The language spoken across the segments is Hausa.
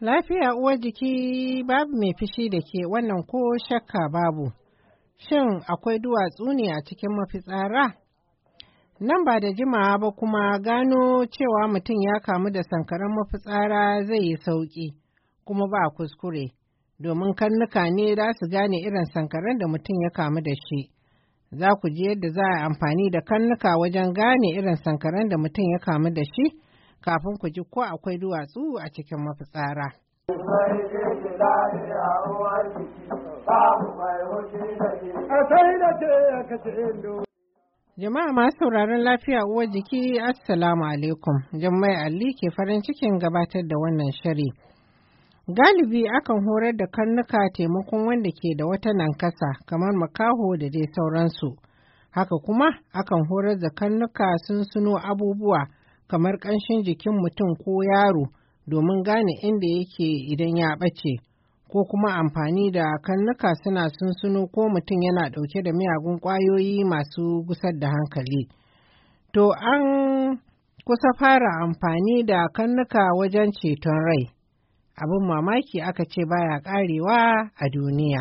Lafiya uwar jiki babu mai fishi da ke wannan ko shakka babu. Shin akwai duwatsu ne a cikin mafitsara? Nan ba da jimawa ba kuma gano cewa mutum ya kamu da sankaran mafitsara zai yi sauƙi, kuma ba kuskure, domin karnuka ne za su gane irin sankaran da mutum ya kamu da shi. za ku ji yadda za a yi amfani da karnuka wajen gane irin sankaran da mutum ya kamu da shi kafin ku ji ko akwai duwatsu a cikin mafitsara. Jama'a masu sauraron lafiya uwar jiki, Assalamu alaikum. Jummai Ali ke farin cikin gabatar da wannan shiri. Galibi akan horar da karnuka taimakon wanda ke da wata nankasa kamar makaho da dai sauransu. Haka kuma akan horar da karnuka sun suno abubuwa kamar ƙanshin jikin mutum ko yaro domin gane inda yake idan ya ɓace, ko kuma amfani da karnuka suna sunsuno ko mutum yana ɗauke da miyagun ƙwayoyi masu gusar da hankali. To an kusa fara amfani da karnuka wajen ceton rai. abin mamaki aka ce baya karewa a duniya.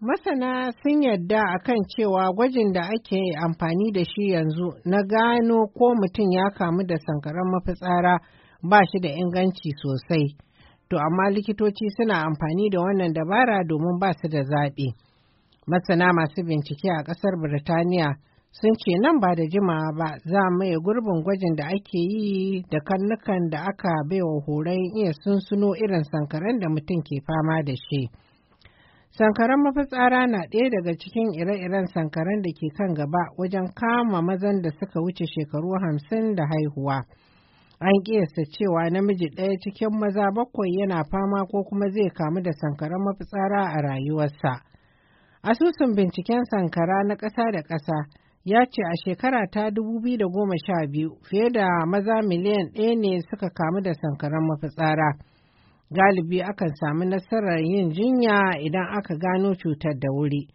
Masana sun yadda a kan cewa gwajin da ake amfani da shi yanzu na gano ko mutum ya kamu da sankaran mafitsara ba shi da inganci sosai. to amma likitoci suna amfani da wannan dabara domin ba su da zaɓi. Masana masu bincike a ƙasar Birtaniya sun ce nan ba da jimawa ba za yi gurbin gwajin da ake yi da kannukan da aka baiwa horon iya sunsuno irin sankaran da mutum ke fama da shi. Sankaran mafitsara na ɗaya daga cikin ire-iren sankaran da ke kan gaba wajen kama mazan da suka wuce shekaru hamsin da haihuwa. An ƙiyasta cewa namiji ɗaya cikin maza bakwai yana fama ko kuma zai kamu da sankaran mafitsara a rayuwarsa. Asusun binciken sankara na ƙasa da ƙasa ya ce a shekara ta 2012 fiye da maza miliyan ɗaya ne suka kamu da sankaran mafitsara. Galibi akan samu nasarar yin jinya idan aka gano cutar da wuri.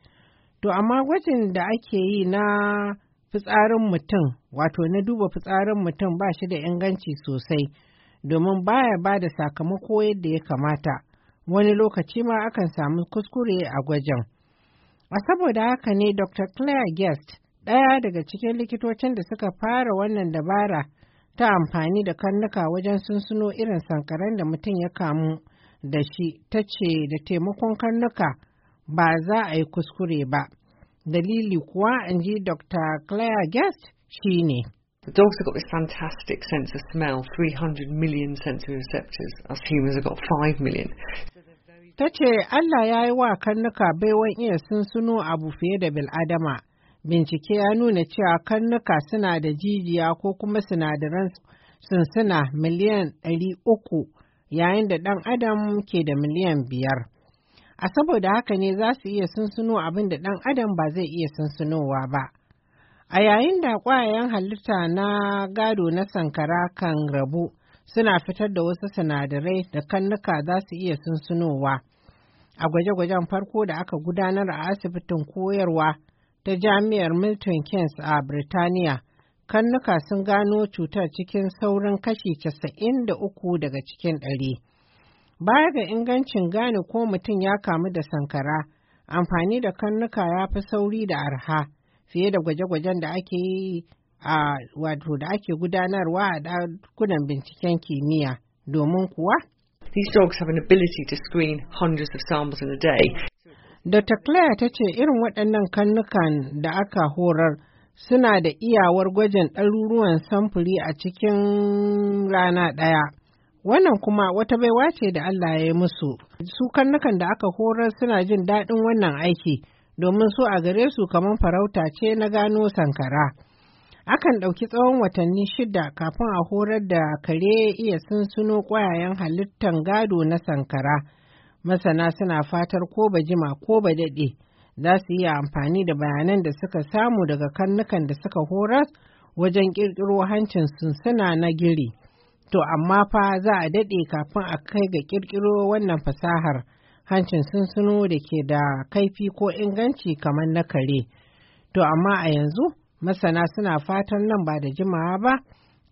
To amma gwajin da ake yi na fitsarin mutum wato na duba fitsarin mutum ba shi da inganci sosai domin baya ba da sakamako yadda ya kamata wani lokaci ma akan samu kuskure a gwajin. A saboda haka ne Dr. Claire Guest ɗaya daga cikin likitocin da suka fara wannan dabara ta amfani da karnuka wajen sunsuno irin sankaran da mutum ya kamu da shi ta ce da taimakon karnuka ba za a yi kuskure ba. Dalili kuwa in ji Dr. Claire Guest shi ne. The dogs have got this fantastic sense of smell, 300 million sensory receptors. Us humans have got 5 million. Ta ce Allah ya yi wa karnuka baiwan iya sunsuno abu fiye da bil'adama. Bincike ya nuna cewa karnuka suna da jijiya ko kuma sinadaran sunsuna miliyan 300 yayin da ɗan adam ke da miliyan biyar. a saboda haka ne za su iya sunsuno abin da ɗan adam ba zai iya sunsunowa ba. A yayin da ƙwayayen halitta na gado na sankara kan rabu suna fitar da wasu sinadarai da kannuka za su iya sunsunowa. A gwaje-gwajen farko da aka gudanar a asibitin koyarwa ta jami'ar Milton Keynes a Birtaniya, kannuka sun gano cutar cikin saurin kashi 93 daga cikin ɗari. Baya ga ingancin gane ko mutum ya kamu da sankara, amfani da karnuka ya fi sauri da arha fiye da gwaje-gwajen da ake yi a wato da ake gudanarwa a dakunan binciken kimiyya domin kuwa. These dogs have an ability to screen hundreds of samples in a day. Dr. Claire ta ce irin waɗannan karnukan da aka horar suna da iyawar gwajin ɗaruruwan samfuri a cikin rana ɗaya. Wannan kuma wata baiwa ce da Allah ya yi musu. Su karnukan da aka horar suna jin daɗin wannan aiki domin su a gare su kamar farauta ce na gano sankara. Akan ɗauki tsawon watanni shida kafin a horar da kare iya sunsuno ƙwayayen halittan gado na sankara. Masana suna fatar ko ba jima ko ba daɗe za su iya amfani da bayanan da suka samu daga karnukan da suka horar wajen ƙirƙiro hancin sunsuna na giri. To amma fa za a daɗe kafin a kai ga ƙirƙiro wannan fasahar hancin sunsuno da ke da kaifi ko inganci kamar na kare. To amma a yanzu masana suna fatan nan ba da jimawa ba,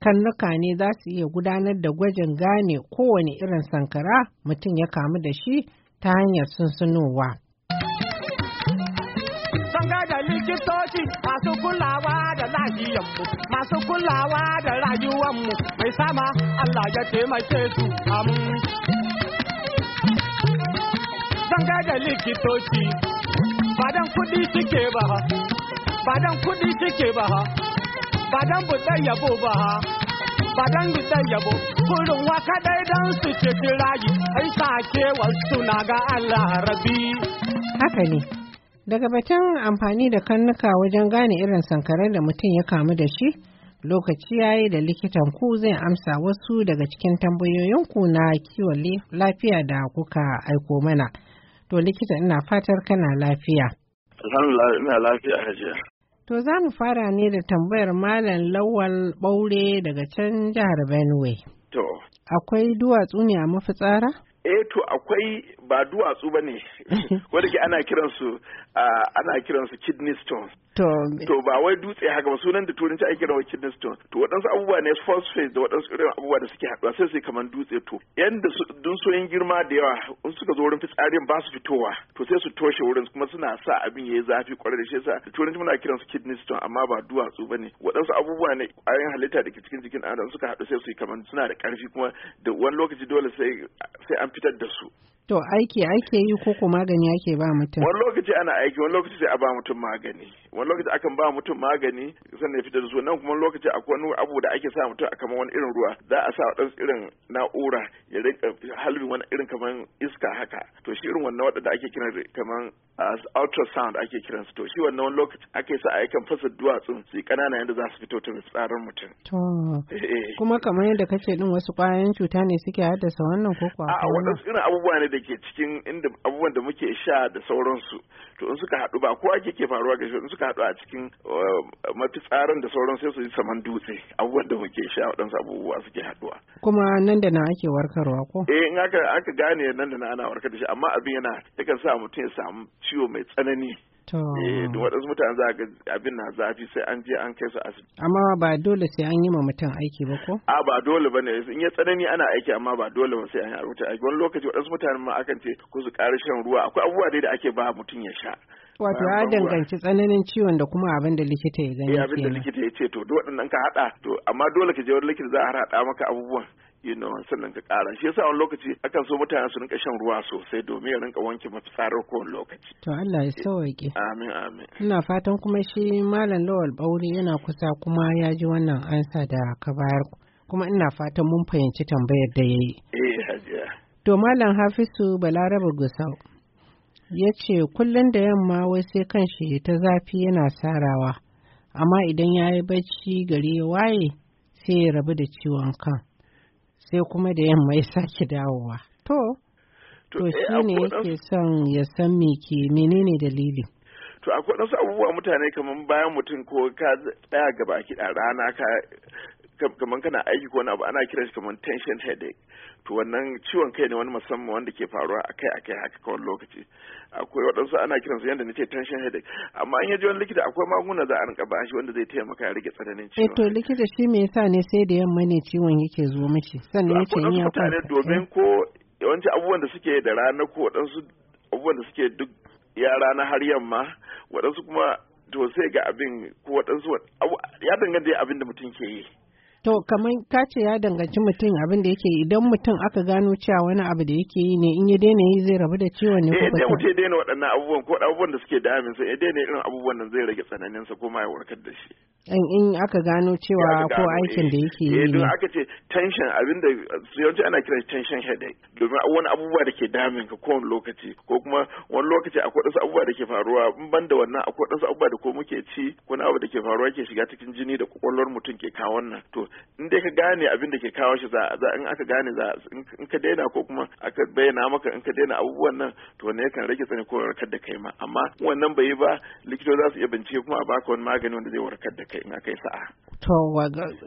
karnuka ne za su iya gudanar da gwajin gane kowane irin sankara mutum ya kamu da shi ta hanyar sunsunowa. lahiyanmu masu kulawa da rayuwanmu mai sama Allah ya taimake su am zanga da likitoci badan kudi suke ba ha badan kudi suke ba ha badan budan yabo ba ha badan budan yabo kurin waka dai dan su ce rayu ai sake wasu na ga Allah rabi haka ne Daga batun amfani da karnuka wajen gane irin sankarar da mutum ya kamu da shi, lokaci ya yi da likitan ku zai amsa wasu daga cikin tambayoyinku na kiwon lafiya da kuka aiko mana. To likita ina fatar kana lafiya. ina lafiya To za mu fara ne da tambayar Malam Lawal baure daga can jihar Benue. To. Akwai duwatsu ne a mafitsara? Eh to akwai ba duwatsu ba ne wadda ke ana kiransu ana kiransu kidney stones to ba wai dutse haka ba sunan da turanci ake kiran kidney stones to waɗansu abubuwa ne phosphate da waɗansu irin abubuwa da suke haɗuwa sai su kamar dutse to yanda yin girma da yawa in suka zo wurin fitsarin ba su fitowa to sai su toshe wurin kuma suna sa abin yayi zafi kwarai da shi yasa da turanci muna kiransu kidney stones amma ba duwatsu ba ne waɗansu abubuwa ne ƙwayoyin halitta da ke cikin jikin adam suka haɗu sai su yi kamar suna da ƙarfi kuma da wani lokaci dole sai an fitar da su To aiki ake yi ko ko magani ake ba mutum? Wani lokaci ana aiki, wani lokaci sai a ba mutum magani. wani lokaci akan ba mutum magani sannan ya fitar da su nan kuma lokaci akwai wani abu da ake sa mutum a kamar wani irin ruwa za a sa wadansu irin na'ura ya rika halbin wani irin kamar iska haka to shi irin wannan wadanda ake kiran kamar as ultrasound ake kiran su to shi wannan wani lokaci ake sa a yakan fasa duwatsun su kanana yadda za su fito ta tsarin mutum. To eh. kuma kamar yadda kace din wasu kwayoyin cuta ne suke haddasa wannan ko kuwa? A'a wadansu irin abubuwa ne da ke cikin inda abubuwan da muke sha da sauransu to in suka haɗu ba kowa ke faruwa ga shi in suka haɗu a cikin eh, mafitsarin da sauran sai su yi saman dutse abubuwan da muke sha waɗansu abubuwa suke haɗuwa. kuma nan da na ake warkarwa ko? eh in aka aka gane nan da na ana warkar da shi amma abin yana yakan sa mutum ya samu ciwo mai tsanani. To. Eh, waɗansu mutane za ga abin na zafi sai an je an kai su asibiti. Amma ba dole sai an yi ma mutum aiki ba ko? A ba dole ba ne, in ya tsanani ana aiki amma ba dole ba sai an yi mutum aiki. Wani lokaci waɗansu mutane ma akan ce ku su ƙara shan ruwa, akwai abubuwa dai da ake ba mutum ya sha. Wato ya danganci tsananin ciwon da kuma abin da likita ya gani. Eh abin da likita ya ce to duk waɗannan ka haɗa to amma dole ka je wani likita za a haɗa maka abubuwan. you know sannan ka ƙara shi yasa wani lokaci akan so mutane su rinka shan ruwa sosai domin ya rinka wanke mafitsarar kowane lokaci to Allah ya sauke amin amin ina fatan kuma shi malam lawal bauri yana kusa kuma ya ji wannan ansa da ka bayar kuma ina fatan mun fahimci tambayar da ya yi. eh hajiya to malam Hafizu balaraba gusau ya ce kullum da yamma wai sai kan shi ta zafi yana sarawa amma idan ya yi bacci gari ya waye sai ya rabu da ciwon kan sai kuma da yamma ya sake dawowa to to eh, shi ne yake son ya san me ke menene dalili to akwai wasu abubuwa mutane kamar bayan mutum ko ka tsaya gaba kiɗa rana ka kamar kana aiki ko wani abu ana kiran shi kamar tension headache to wannan ciwon kai ne wani musamman wanda ke faruwa akai akai haka kawai lokaci akwai waɗansu ana kiran su yadda nace tension headache amma an yaji wani likita akwai magunguna za a rinka ba shi wanda zai taimaka ya rage tsananin ciwon eh, to likita shi me yasa ne sai da yamma ne ciwon yake zo miki sannan yake yin ya kwanta domin ko yawanci abubuwan da suke da rana ko waɗansu abubuwan da suke duk ya rana har yamma waɗansu kuma to sai ga abin ko waɗansu ya danganta abin da mutum ke yi To kamar ka ce ya danganci mutum abin da yake idan mutum aka gano cewa wani abu da yake yi ne in ya daina yi zai rabu da ciwon ne ko eh, ba. Eh mutum ya daina waɗannan abubuwan ko abubuwan da suke damin sa ya daina irin abubuwan nan zai rage tsananin sa ma ya warkar da shi. In in aka gano cewa ko aikin da eh. yake yi. Eh aka ce tension abin da yawanci ana kiran tension headache domin wani abubuwa da ke damin ka kowane lokaci ko kuma wani lokaci akwai wasu abubuwa da ke faruwa in ban da wannan akwai wasu abubuwa da ko muke ci ko na abu da ke faruwa ke shiga cikin jini da kwakwalwar mutum ke kawo wannan to in dai ka gane abin da ke kawo shi za in aka gane za in ka daina ko kuma aka bayyana maka in ka daina abubuwan nan to ne kan rage tsani ko warkar da kai ma amma wannan bai yi ba likito za su iya bincike kuma a baka wani magani wanda zai warkar da kai in aka yi sa'a To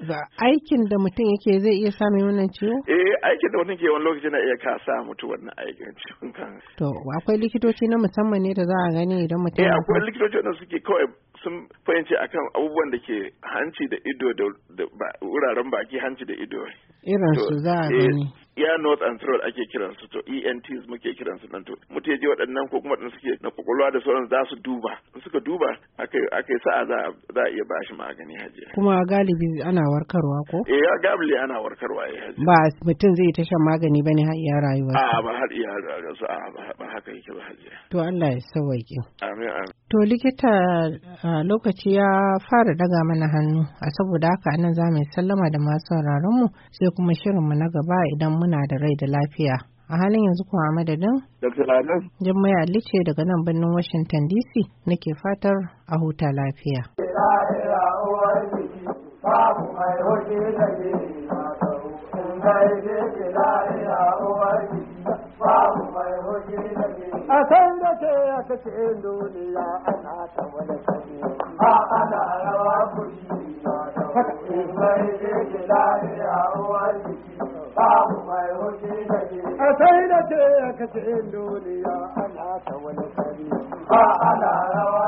ga aikin da mutum yake zai iya sami wannan ciwo? Eh aikin da mutum ke wani lokaci na iya ka sa mutu wannan aikin ciwon kan. To akwai likitoci na musamman ne da za a gani idan mutum. Eh akwai likitoci wanda suke kawai sun fahimci akan abubuwan da ke hanci da ido da wuraren baki hanci da ido irin su za a eh, gani ya north and south ake kiran su to ENTs muke kiran su nan to muke je waɗannan ko kuma waɗannan suke na kwakwalwa da sauran za su duba suka duba aka yi sa'a za a iya ba shi magani hajiya kuma galibi ana warkarwa ko eh galibi ana warkarwa ya eh, hajiya ba mutum zai ta shan magani bane har iya rayuwa a ba har iya rayuwa a ba haka yake ba hajiya to Allah ya sauwaƙe amin amin To likita a lokaci ya fara daga mana hannu a saboda haka nan za mu sallama da masu mu sai kuma shirin mu na gaba idan muna da rai da lafiya. A halin yanzu kuma madadin? Dr. Adam. Jummai Ali ce daga nan birnin Washington DC nake fatar a huta lafiya. A ce a kashe duniya ana ta wani kare ana rawa mai gida ne a jiki mai da ke a sai da ce duniya ana ta wani kare ana rawa